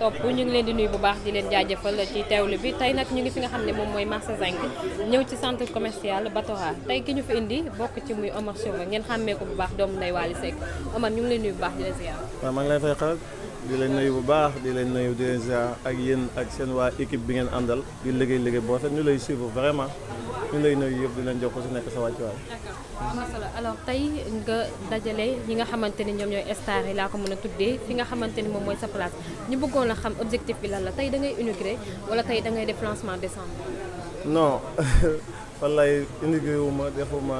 topp ñu ngi leen di nuyu bu baax di leen jaajëfal ci teewlu bi tey nag ñu ngi fi nga xam ne moom mooy marché Zinc ñëw ci centre commercial Batora tey ki ñu fi indi bokk ci muy Omar Chauva ngeen xàmmee ko bu baax doom Ndeye Waly Seck Omar ñu ngi leen nuyu baax di leen ziar. waaw maa ngi lay fay xaar bu baax di leen nuyu di leen ziar ak yéen ak seen waa équipe bi ngeen àndal di liggéey liggéey boo xam ñu lay suivre vraiment. ñu lay nuyu yëpp di leen jox ko su nekk sa wàccuwaay. d'accord alors tey nga dajale ñi nga xamante ni ñoom ñooy star yi laa ko mën a tuddee fi nga xamante ni moom mooy sa place ñu bëggoon la xam objectif bi lan la tey da ngay wala tey da ngay def lancement décembre. non wallaay inauguré wu ma defuma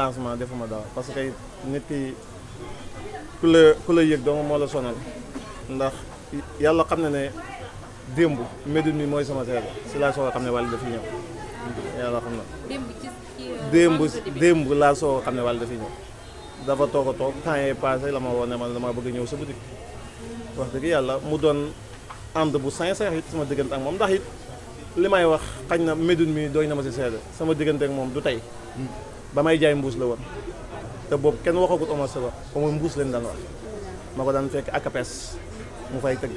lancement defuma daaw parce que nit ki ku la ku la yëg dong moo la sonal ndax yàlla xam na ne démb Médine mi mooy sama seede si laa soog a xam ne wàllu dafa ñëw. yàlla xam na. démb ci euh, démb laa soo xam ne wàll dafi ñëw. dafa toog a toog temps yii passé la ma woo ne ma dama bëgg ñëw sa boutique. wax dëgg yàlla mu doon ànd bu sincère it sama diggante ak moom ndax it li may wax xañ na Médoune mi doy na ma si sama diggante moom du tey. ba may jaay mbuus la woon. te boobu kenn waxagut Omar Seba Omar mbuus leen daan wax. ma ko daan fekk akapes mu fay tëgg.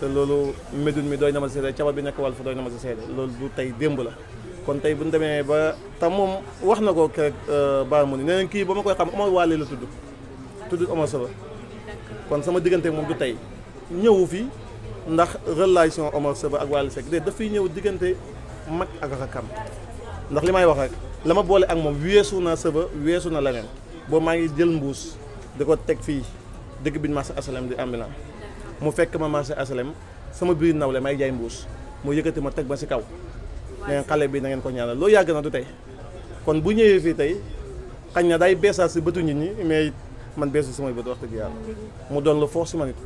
te loolu Médoune mi doy na si seede caba bi nekk wal fa doy na si seede loolu du tey démb la. kon tey bu ñu demee ba tam moom wax na ko keroog Ba mu ne nee kii ba ma koy xam Omar Waale la tudd tudd Omar Saba kon sama diggante moom du tey ñëwu fii ndax relation Omar Saba ak Waale Seck de dafay ñëw diggante mag ak rakam ndax li may wax rek la ma boole ak moom weesu na Saba weesu na leneen boobu maa ngi jël mbuus di ko teg fii dëkk bi marché asalem di ambulant mu fekk ma marché asalem sama biir nawle may jaay mbuus mu yëkkati ma teg ma si kaw ne xale bi na ngeen ko ñaanal loo yàgg na du tey kon bu ñëwee fii tey xañ na day beesaat si bëtu nit ñi mais man beesu samay bët wax dëgg yàlla mu doon lu foofu si ma nit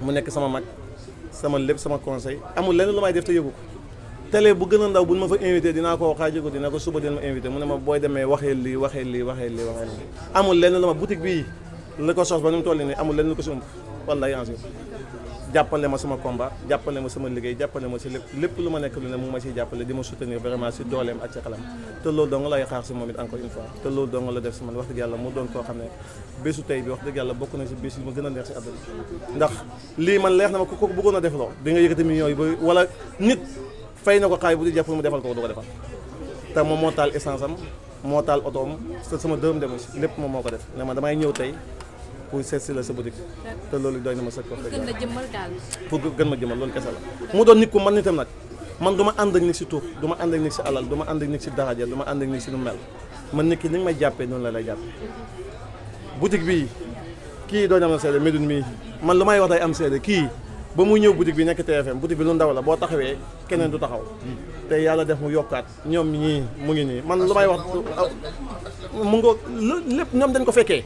mu nekk sama mag sama lépp sama conseil amul lenn lu may def te bu gën a ndaw bu ñu ma fa invité dinaa ko xaajagu dina ko suba dina ma invité mu ne ma booy demee waxee lii waxee lii waxee lii waxee amul lenn la boutique bii la ko sos ba nu mu toll nii amul lenn lu ko si ëmb wallaay jàppale ma sama combat jàppale ma sama liggéey jàppale ma si lépp lépp lu ma nekk lu ne mu ngi ma siy jàppale di ma soutenir vraiment si dooleem ak ci xelam te loolu dong lay xaar si moom it encore une fois loolu dong la def si man wax dëgg yàlla mu doon koo xam ne bésu tey bi wax yàlla bokk na si bés yi ma gën a neex si àdduna ndax lii man leex na ma ku ko bëggoon a def loo di nga yëkkati millions yu bëri wala nit fay na ko xaay bu di jàppale mu defal ko du ko defal te moom moo taal essence moo taal oto am sama dërëm demu si lépp moom moo ko def ne ma damay ñëw tey pour seet si la sa boutique te loolu doy na ma sa pour gën ma jëmmal loolu kese la mu doon nit ku man nitam nag man du ma ànd ak nit si tuuf du ma ànd ak nit si alal du ma ànd ak nit si daraja du ma ànd ak nit si nu mel man nit ki ni ma jàppee noonu la lay jàppe boutique bii kii doon am na seede Médoune mii man lu may wax day am seede kii ba mu ñëw boutique bi nekk TFM boutique bi lu ndaw la boo taxawee keneen du taxaw te yàlla def mu yokkaat ñoom ñii mu ngi nii man lu may wax mu ngo lépp ñoom dañ ko fekkee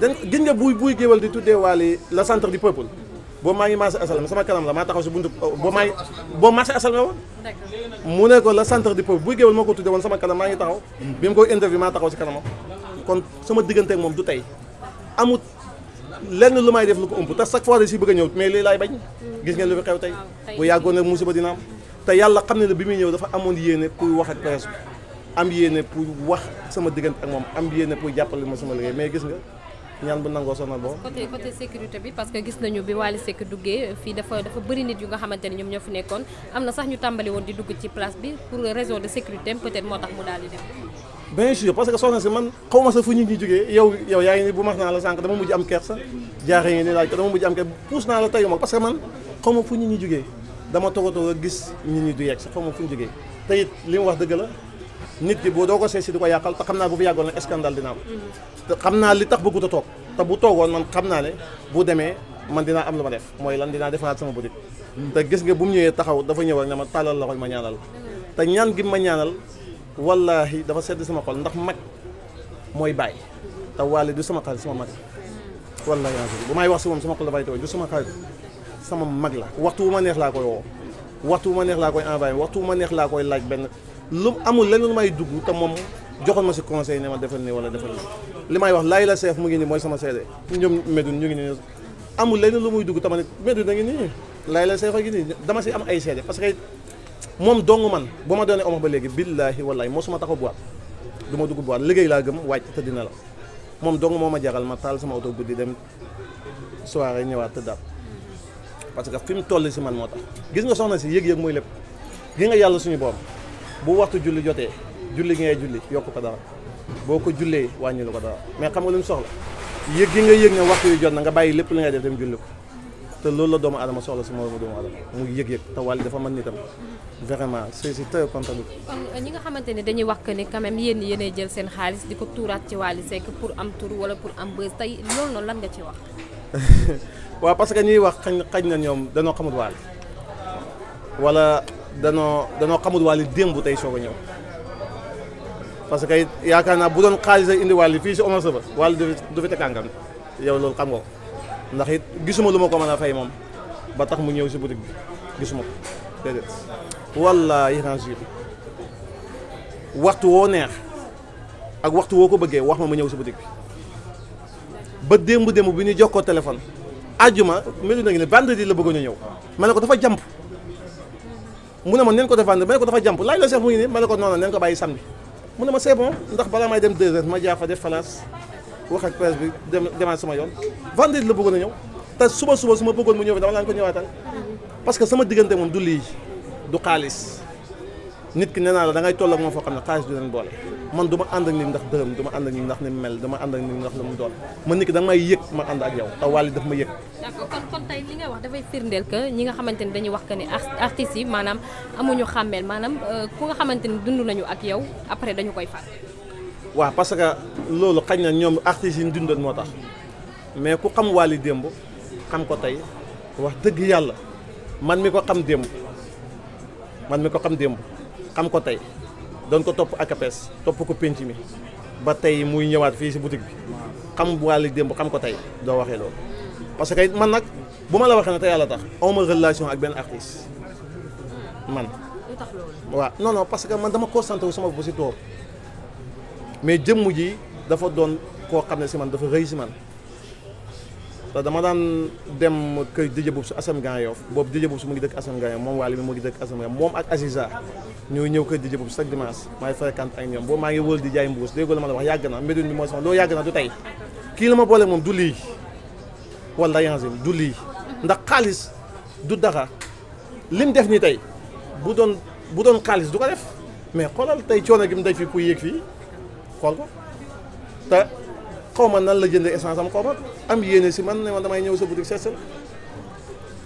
dañ gis nga buy buy géwal di tuddee waali la centre du peuple boo maa ngi marché asalama sama kanam la maa taxaw si buntu boo maa ngi boo marché asalama woon mu ne ko la centre du peuple buy géwal moo ko tuddee woon sama kanam maa ngi taxaw bi mu koy interview maa taxaw si kanamam kon sama diggante ak moom du tey amut lenn lu may def lu ko ëmb te chaque fois da si bëgg ñëw mais lii lay bañ gis nga lu fi xew tey bu yàggoon nag musiba dina te yàlla xam ne ne bi muy ñëw dafa amoon yéene pour wax ak presse am yéene pour wax sama diggante ak moom am yéene pour jàppale ma sama liggéey mais gis nga ñaan bu nangoo sonal boobu. côté côté sécurité que gis nañu bi Wally Seck duggee fii dafa dafa bëri nit yu nga xamante ne ñoom ñoo fi nekkoon am na sax ñu tàmbali woon di dugg ci place bi pour raison de sécurité peut-être moo tax mu daal di dem. bien sûr parce que soxna si man xaw ma fu ñu ngi jógee yow yaa ngi ni bu max naa la sànq dama mujj am kersa jaaree ngi ni laaj ko dama mujj am kersa puus naa la tayu ma parce que man xaw fu ñu ngi jógee dama toog a gis nit ñi du yegg sax xaw ma fu li mu wax dëgg la nit ki boo doo ko seet si di ko yàqal te xam naa bu fi yàggoon nag scandale dina am te xam naa li tax bëggut a toog te bu toogoon man xam naa ne bu demee man dinaa am lu ma def mooy lan dinaa defaraat sama boutique te gis nga bu mu ñëwee taxaw dafa ñëw rek ma tàllal la ma ñaanal te ñaan gi ma ñaanal wallaahi dafa sedd sama xol ndax mag mooy bàyyi te waale du sama xarit sama mag wallaahi bu may wax si moom sama xol dafay tooy sama xarit sama mag la waxtu wu ma neex laa koy woo ma neex laa koy envoyé waxtu wu ma neex laa koy laaj benn lu amul lenn lu may dugg te moom joxoon ma si conseil ne ma defal nii wala defal nii li may wax laay la seef mu ngi nii mooy sama seede ñoom Medoune ñu ngi nii amul lenn lu muy dugg tamit Medoune a ngi nii laay la seef a ngi nii dama si am ay seede parce que moom dong man ba ma doonee Omar ba léegi billaahi wallaahi moo suma tax a boîte du ma dugg boîte liggéey laa gëm wàcc te dina la moom dong moo ma jaral ma taal sama oto guddi dem soirée ñëwaat te parce que fi mu toll si man moo gis nga soxna si yëg mooy lépp gi nga yàlla suñu borom bu waxtu julli jotee julli ngay julli yokk ko dara boo ko jullee wàññi lu ko dara mais xam nga lu mu soxla yëg gi nga yëg ne waxtu yu jot na nga bàyyi lépp li ngay def dem julli ko te loolu la doomu adama soxla si moromu doomu adama mu yëg-yëg te wàlli dafa mën nitam vraiment c'est c'est très content kon euh, ñi nga xamante ne dañuy wax que ni quand même yéen jël seen xaalis di ko tuuraat ci Wally Seck pour am tur wala pour am bës tey loolu noonu lan nga ci wax waaw parce que ñuy wax xañ xañ na ñoom dañoo xamul Wally danoo danoo xamul wàllu démb tey soo a ñëw parce que yaakaar naa bu doon xaalis a indi wàllu fii si Omar Sëba wàllu du fi te kàngam yow loolu xam nga ko ndax it gisuma lu ma ko mën a fay moom ba tax mu ñëw si boutique bi gisuma ko déedéet wallaahi waxtu woo neex ak waxtu woo ko bëggee wax ma ma ñëw si boutique bi ba démb démb bi ñu jox koo téléphone àjjuma melu na ngi ne vendredi la bëggoon a ñëw ma ne ko dafa jàmp mu ne ma neen ko défendre ma ne ko dafa jàmp laaj la chef mu nii ma ne ko noonu neen ko bàyyi samedi mu ne ma c'est bon ndax balaa may dem deux heures ma jaa fa def falaas wax ak presse bi dem demaat sama yoon vendredi la bëggoon a ñëw te suba suba su ma bëggoon mu ñëw fi dama laan ko ñëwaatal parce que sama diggante moom du lii du xaalis nit ki nee naa la da ngay toll ak moom foo xam ne xaalis du leen boole man du ma ànd ak nit ndax dërëm du ma ànd ak nit ndax ni mu mel du ma ki da nga may yëg ma ànd ak yow te wàlli ma yëg. wax dafay firndeel que ñi nga xamante ni dañuy wax que ni artistes yi maanaam amuñu xàmmeel maanaam euh, ku nga xamante ni dund nañu ak yow après dañu koy fàtte. waaw parce que loolu xañ na ñoom artistes yi ñu dundoon moo tax mais ku xam Wally démb xam ko tey wax dëgg yàlla man mi ko xam démb man mi ko xam démb xam ko tey doon ko topp akapes topp ko pénc mi ba tey muy ñëwaat fii si boutique bi xam Wally démb xam ko tey doo waxee loolu. parce que man nag bu ma la waxee ne te yàlla tax awma relation ak benn artiste man. waaw non non parce que man dama concentré wu sama bopp si toog mais jëmm ji dafa doon koo xam ne si man dafa rëy si man te dama daan dem kër DJ Boubs su Assane Grand Yoff boobu DJ Boubs su mu ngi dëkk Assane Grand moom Waly mu ngi dëkk Assane Grand moom ak Aziza ñooy ñëw kër DJ Boubs chaque dimanche maay fréquente ak ñoom boobu maa ngi wër di mbuus déggoo la ma la wax yàgg na mbedun bi mooy sama loo yàgg na du kii la ma boole moom du lii wala yanzim du lii ndax xaalis du dara lim def ni tey bu doon bu doon xaalis du ko def mais xoolal tey coono gi mu day fii pour fii xool ko te xaw ma nan la jënd essence am xaw am yéene si man ne ma damay ñëw sa boutique seet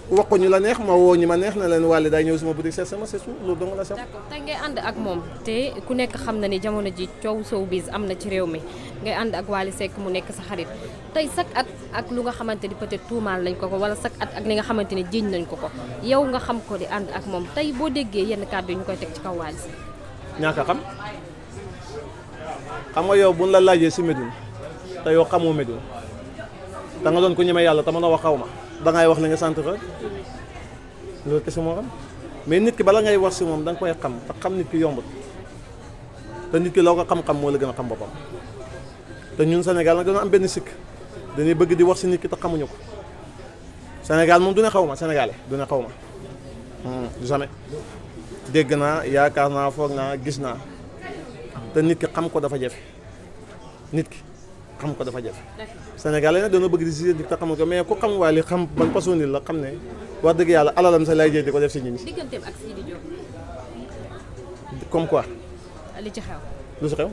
wax ko ñu la neex ma woo ñu ma neex na leen wàlle day ñëw suma boutique seet sama c'est tout loolu dong la sax. d'accord ngay ànd ak moom te ku nekk xam na ni jamono ji coow showbiz am na ci réew mi ngay ànd ak Wally Seck mu nekk sa xarit tey chaque at ak lu nga xamante ni peut-être tuumaal lañ ko ko wala chaque at ak li nga xamante ni jiiñ nañ ko ko yow nga xam ko di ànd ak moom tey boo déggee yenn kàddu yi ñu koy teg ci kaw Wally Seck. ñaaka xam xam nga yow bu la laajee si Médoune te nga doon ko ñemee yàlla te mën a wax xaw ma ba wax la nga sant ko loolu kese moo xam mais nit ki bala ngay wax si moom da koy xam te xam nit ki yombut te nit ki loo ko xam-xam moo la gën a xam boppam te ñun Sénégal nag dañoo am benn sikk dañuy bëgg di wax si nit ki te xamuñu ko Sénégal moom du ne xaw ma sénégalais du xaw ma hmm, jamais dégg naa yaakaar naa foog naa gis naa te nit ki xam ko dafa jafe nit ki. xam ko dafa jafe Sénégal yi nag dañoo bëgg di si te xamul ko mais ko xam waa li xam ban façon nit la xam ne wax dëgg yàlla alalam sa lay jël di ko def si nit ñi digganteem ak Sidi Diop comme quoi li ci xew lu si xew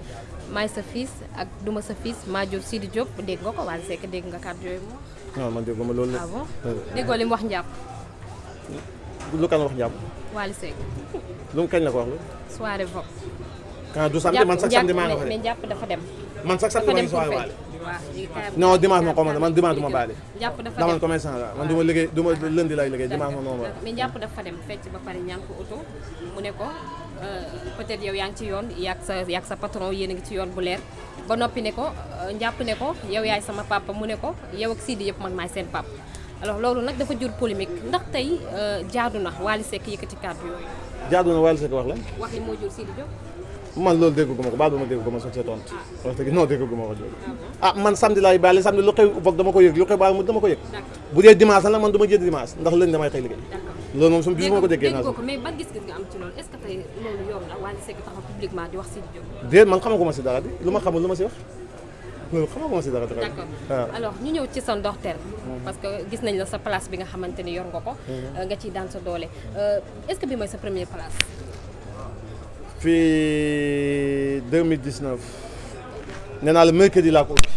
maay sa fils ak duma sa fils maa jur Sidi Diop dégg nga dégg nga kàddu yooyu moom non man ma loolu ah bon euh, li mu wax njàpp lu kan wax njàpp Wally Seck lu mu kañ la ko wax lu soirée vogue quand du samedi man sax samedi maa nga njàpp dafa dem man sax sax dimanche soirée baale. non dimanche ma commande man dimanche du ma baale. jàpp dafa dem dama commerçant la man du ma liggéey fecc ba pare ñaan ko oto mu ne ko euh, peut-être yow yaa ngi ci yoon yaa sa yaa sa patron yéen a ngi ci yoon bu leer ba noppi ne ko njàpp euh, ne ko yow yaay sama papa mu ne ko yow ak Sidi yëpp man maay seen papa. alors loolu nag dafa jur polémique ndax tey euh, jaadu na Wally Seck yëkkati kàddu yooyu. jaadu na Wally Seck wax la. wax li moo jur Sidi man loolu dégguma ko baal ba ma dégguma soo cee tontu wax dëgg non dégguma ko loolu ah man samedi laay bàyyi samedi lu xew boog dama ko yëg lu xew baal mu dama ko yëg bu dee dimanche la man du ma jël dimanche ndax lëñ damay xëy liggéey loolu moom suñu bi ma ko déggee naa mais ban gis-gis nga am si déet lu ma xamul lu ma si wax loolu xamaguma si dara dara d'accord ah. alors ñu ñëw ci sa ndorteel hmm. parce que gis nañ la sa place bi nga xamante ni yor nga ko hmm. euh, nga ciy daan sa doole euh, est-ce que fii 2019 nee naa la mercredi laa ko ubbi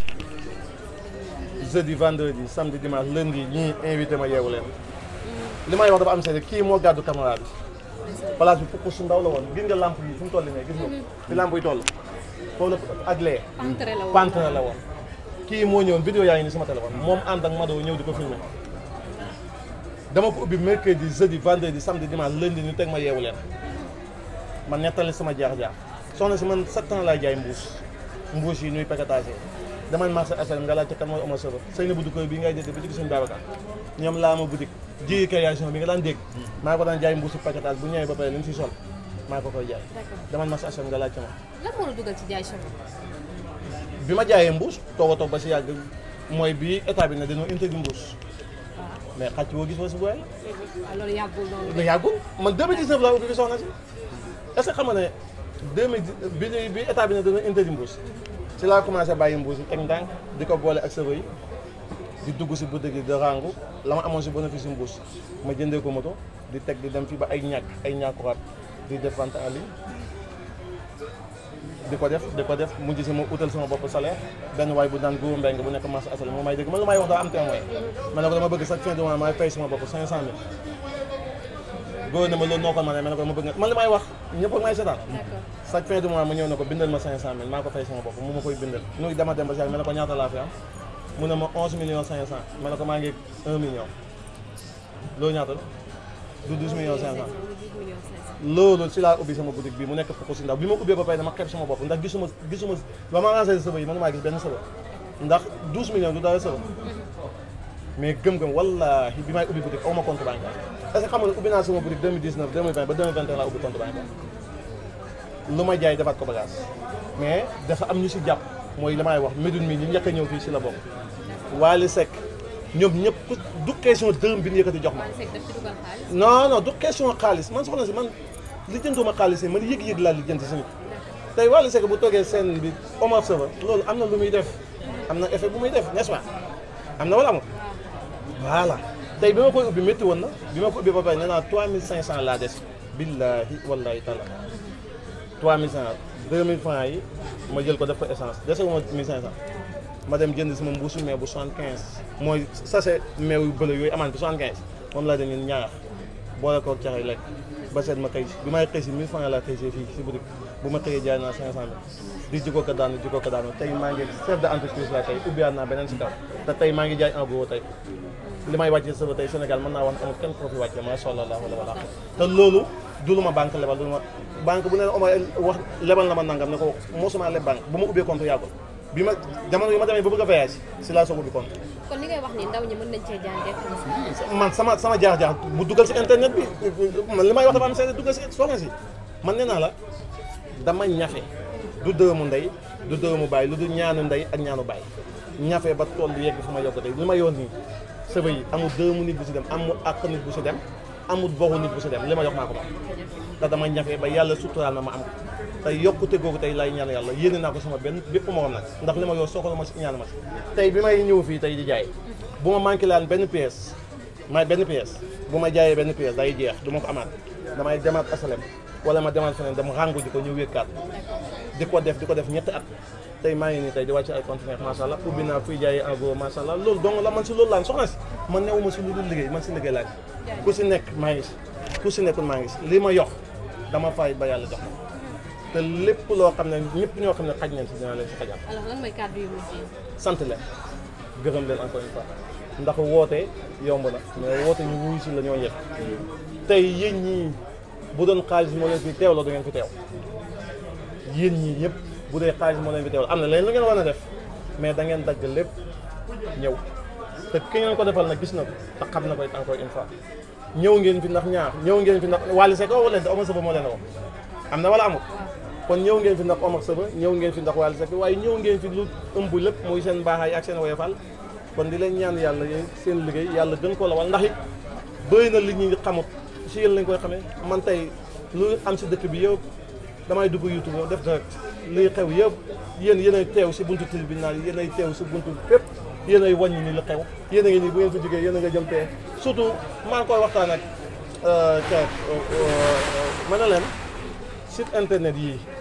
jeudi vendredi samedi dimanche lundi ñii invité ma yeewu leen li may wax dafa am seede kii moo gàddu caméra bi place bi fukk su ndaw la woon gis nga lamp yi mu toll nii gis nga fi lamp yi toll foofu la ak lee pantre la woon kii moo ñëwoon vidéo yaa ngi ni sama téléphone moom ànd ak Mado ñëw di ko filmé dama ko ubbi mercredi jeudi vendredi samedi dimanche lundi ñu teg ma yeewu leen man nettali sama jaax-jaax soxna si man sept ans laay jaay mbuus mbuus yi nuy paquetage damay marché asal H&M nga laajte kan mooy Omar Sëba sëy na buddi koy bii ngay dégg boutique suñu Babacar ñoom bi nga daan dégg maa ko daan jaay mbuusu paquetage bu ñëwee ba pare li mu si sol maa koy jaay damay marché asal H&M nga laajte ma lan H&M? bi ma jaayee mbuus toog a toog ba si yàgg mooy bi état bi na dañoo interdit mbuus ah. mais xàcc boo gis ma si booy la ah, loolu yàggul man 2019 laa ubbi soxna si est-ce que xam nga ne 2010 bi bi état bi ne dana interdit mbuus ci laa commencé bàyyi mbuus yi teg ndànk di ko boole ak sëba yi di dugg si boutique yi di rangu la ma amoon si bénéfice si ma jëndee ko moto di teg di dem fii ba ay ñàkk ay ñàkkuwaat di def vente en ligne di ko def di ko def mujj si ma utal sama bopp salaire benn waay bu daan góor mbeng bu nekk marché asali moom may dégg man lu may wax daa am témoin ma ne ko dama bëgg chaque fin de may fay sama bopp boo na ma loolu noo ko mën a ma ne ko ma bëgg nga man li may wax ñëpp ak may seetaan chaque fin du mois ma ñëw ne ko bindal ma cinq cent mille maa ko fay sama bopp mu ma koy bindal nu dama dem ba si ma ko ñaata laa fi am mu ne ma onze millions cinq cent ma ko maa ngi un million loolu ñaata la du douze millions cinq cent loolu si laa ubbi sama bi mu nekk fukk si ndaw bi ma ubbee ba pare dama xeeb sama bopp ndax gisuma gisuma ba ma rangé sëba yi mais gëm-gëm wallaahi bi may ubbi boutique aw ma compte bancaire est que xam nga ne ubbi naa sama boutique 2019 2020 ba 2021 laa ubbi compte bancaire lu ma jaay defaat ko mais dafa am ñu si jàpp mooy li wax Médoune mi ñu njëkk a ñëw fii si la bokk Waly Seck ñoom ñëpp ku du question dërëm bi ñu jox ma non non du question xaalis man soxna si man li jëntuma xaalis yi man yëg-yëg laa li jënt si nit tey Waly Seck toogee scène bi Omar Sava loolu am na lu muy def am na effet bu muy def n'est-ce am na wala amul voilà tey bi ma koy ubbi métti woon na bi ma ko ubbi ba pare nee naa 3500 laa des. billaahi wallaahi taala 3500 2000 francs yi ma jël ko def ko essence dese wu ma 1500 ma dem jënd sama mbuusu meew bu 75 mooy sachet meew yu bële yooyu amaan bi 75 moom laa dem ñun ñaar. boo koog cax yi lekk ba seet ma xëy si bi may xëy si 1000 francs laa xëy si fii si boutique bu ma xëyee jaay naa 500 mille di jikko daanu jikko daanu tey maa ngi chef de entreprise la tey ubbiwaat naa beneen si kaw te tey maa ngi jaay en tey li may wàccee sëba tey Sénégal mën naa wax amul kenn koo fi wàccee macha allah wala wala te loolu du lu ma banque lebal du ma banque bu ne Omar wax lebal na ma nangam ne ko mosuma leb banque bu ma ubbee bi ma jamono bi ma demee ba bëgg a voyage si laa soog a bi compte. kon li ngay wax ni ndaw ñi mën nañ cee jaan man sama sama jaax-jaax bu dugal si internet bi man li may wax dafa am seen dugal si soxna si man nee naa la dama ñafe du dërëmu ndey du dërëmu bàyyi lu du ñaanu ndey ak ñaanu bàyyi ñafe ba toll yegg fu ma yokk tey li ma yoon nii sëba yi amul dërëmu nit bu si dem amul àq nit bu si dem amul boxu nit bu si dem li ma yokk maa ko ba ndax dama ñafe ba yàlla suturaal na ma am tey yokkute googu tey lay ñaan yàlla yéene naa ko sama benn bépp morom nag ndax li ma yor soxla ma si ñaan ma si tey bi may ñëw fii tey di jaay bu ma manqué laan benn pièce may benn pièce bu ma jaayee benn pièce day jeex du ma ko amaat damay demaat asalem wala ma demaat feneen dama ràngu ji ko ñëw wékkaat di ko def di ko def ñetti at tey maa ngi nii tey di wàcc ay conteneur macha allah ubbi naa fuy jaaye en gros macha allah loolu donc la man si loolu laan soxna si man newuma si lu dul liggéey man si liggéey laa si nekk maa ngi si ku si nekkul ngi li ma yox dama ba yàlla jox te lépp loo xam ne ñëpp ñoo xam ne xaj nañ si dinaa leen si xajal. alors lan sant leen gërëm leen encore une ndax woote yomb na mais woote ñu wuyu si la ñoo tey yéen ñi bu doon xaalis moo leen fi teewloo du fi teew yéen ñii ñëpp bu dee xaalis moo leen fi teewloo am na leen lu ngeen war a def mais dangeen ngeen dagg lépp ñëw te ki ngeen ko defal nag gis na ko te xam na ko it encore une fois ñëw ngeen fi ndax ñaar ñëw ngeen fi ndax Wally Seck woo leen te Omar Sëba moo leen woo am na wala amul. kon ñëw ngeen fi ndax Omar Sëba ñëw ngeen fi ndax Waly Seck waaye ñëw ngeen fi lu ëmb lépp muy seen baaxaay ak seen woyofal kon di leen ñaan yàlla yéen seen liggéey yàlla gën ko lawal ndax it bëri na li ñu xamut si yéen lañ koy xamee man tey lu am si dëkk bi yëpp damay dugg YouTube def direct liy xew yëpp yéen yéen ay teew si buntu tribunal bi ay teew si buntu fépp yéen ay wàññi ni li xew yéen a nii bu ngeen fi jógee yéen a nga jëm tee surtout maa ngi koy waxtaan ak ca euh, euh, euh, ma ne leen site internet